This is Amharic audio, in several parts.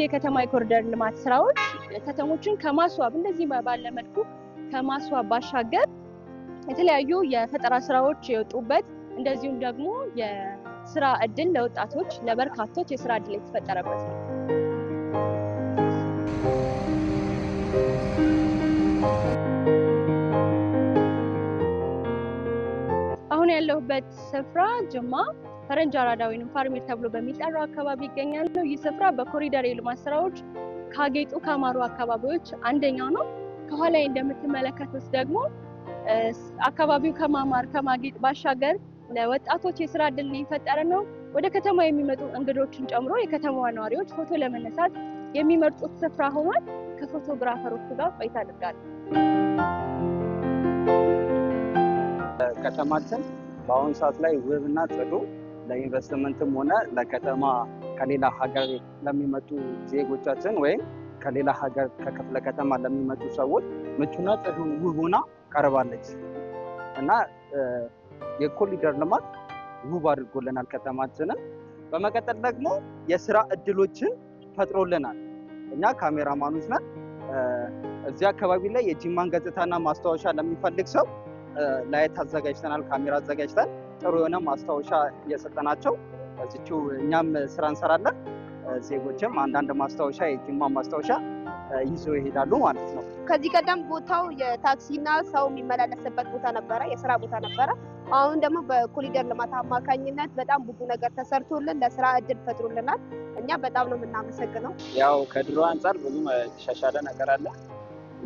እነዚህ የከተማ የኮሪደር ልማት ስራዎች ከተሞችን ከማስዋብ እንደዚህ ባለ መልኩ ከማስዋብ ባሻገር የተለያዩ የፈጠራ ስራዎች የወጡበት እንደዚሁም ደግሞ የስራ እድል ለወጣቶች ለበርካቶች የስራ እድል የተፈጠረበት ነው። አሁን ያለሁበት ስፍራ ጅማ ፈረንጅ አራዳ ወይም ተብሎ በሚጠራው አካባቢ ይገኛል። ይህ ስፍራ በኮሪደር የልማት ስራዎች ካጌጡ ካማሩ አካባቢዎች አንደኛው ነው። ከኋላ እንደምትመለከቱት ደግሞ አካባቢው ከማማር ከማጌጥ ባሻገር ለወጣቶች የስራ እድልን የፈጠረ ነው። ወደ ከተማ የሚመጡ እንግዶችን ጨምሮ የከተማዋ ነዋሪዎች ፎቶ ለመነሳት የሚመርጡት ስፍራ ሆኗል። ከፎቶግራፈሮቹ ጋር ቆይታ አድርጋለሁ። ከተማችን በአሁኑ ሰዓት ላይ ውብና ጽዱ ለኢንቨስትመንትም ሆነ ለከተማ ከሌላ ሀገር ለሚመጡ ዜጎቻችን ወይም ከሌላ ሀገር ከክፍለ ከተማ ለሚመጡ ሰዎች ምቹና ጥሩ ውብ ሆና ቀርባለች እና የኮሊደር ልማት ውብ አድርጎልናል ከተማችንን። በመቀጠል ደግሞ የስራ እድሎችን ፈጥሮልናል። እኛ ካሜራማኖች ነን። እዚ አካባቢ ላይ የጂማን ገጽታና ማስታወሻ ለሚፈልግ ሰው ላይት አዘጋጅተናል፣ ካሜራ አዘጋጅተን ጥሩ የሆነ ማስታወሻ እየሰጠ ናቸው። እዚቹ እኛም ስራ እንሰራለን። ዜጎችም አንዳንድ ማስታወሻ የጅማ ማስታወሻ ይዞ ይሄዳሉ ማለት ነው። ከዚህ ቀደም ቦታው የታክሲና ሰው የሚመላለስበት ቦታ ነበረ፣ የስራ ቦታ ነበረ። አሁን ደግሞ በኮሪደር ልማት አማካኝነት በጣም ብዙ ነገር ተሰርቶልን ለስራ እድል ፈጥሮልናል። እኛ በጣም ነው የምናመሰግነው። ያው ከድሮ አንጻር ብዙም የተሻሻለ ነገር አለ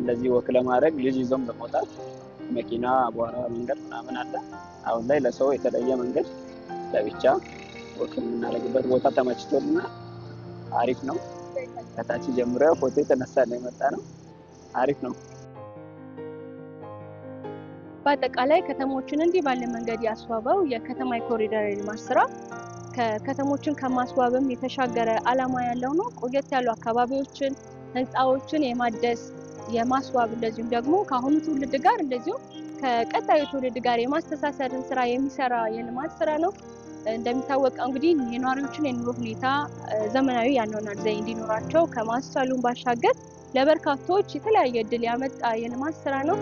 እንደዚህ ወክ ለማድረግ ልጅ ይዞም ለመውጣት መኪና፣ አቧራ፣ መንገድ ምናምን አለ። አሁን ላይ ለሰው የተለየ መንገድ ለብቻ ወክ የምናደርግበት ቦታ ተመችቶልና አሪፍ ነው። ከታች ጀምረ ፎቶ የተነሳ ነው የመጣ ነው። አሪፍ ነው። በአጠቃላይ ከተሞችን እንዲህ ባለ መንገድ ያስዋበው የከተማ የኮሪደር ልማት ስራ ከከተሞችን ከማስዋብም የተሻገረ ዓላማ ያለው ነው። ቆየት ያሉ አካባቢዎችን፣ ህንፃዎችን የማደስ የማስዋብ እንደዚሁም ደግሞ ከአሁኑ ትውልድ ጋር እንደዚሁም ከቀጣዩ ትውልድ ጋር የማስተሳሰርን ስራ የሚሰራ የልማት ስራ ነው። እንደሚታወቀው እንግዲህ የነዋሪዎችን የኑሮ ሁኔታ ዘመናዊ ያኗኗር ዘይ እንዲኖራቸው ከማስቻሉን ባሻገር ለበርካቶች የተለያየ እድል ያመጣ የልማት ስራ ነው።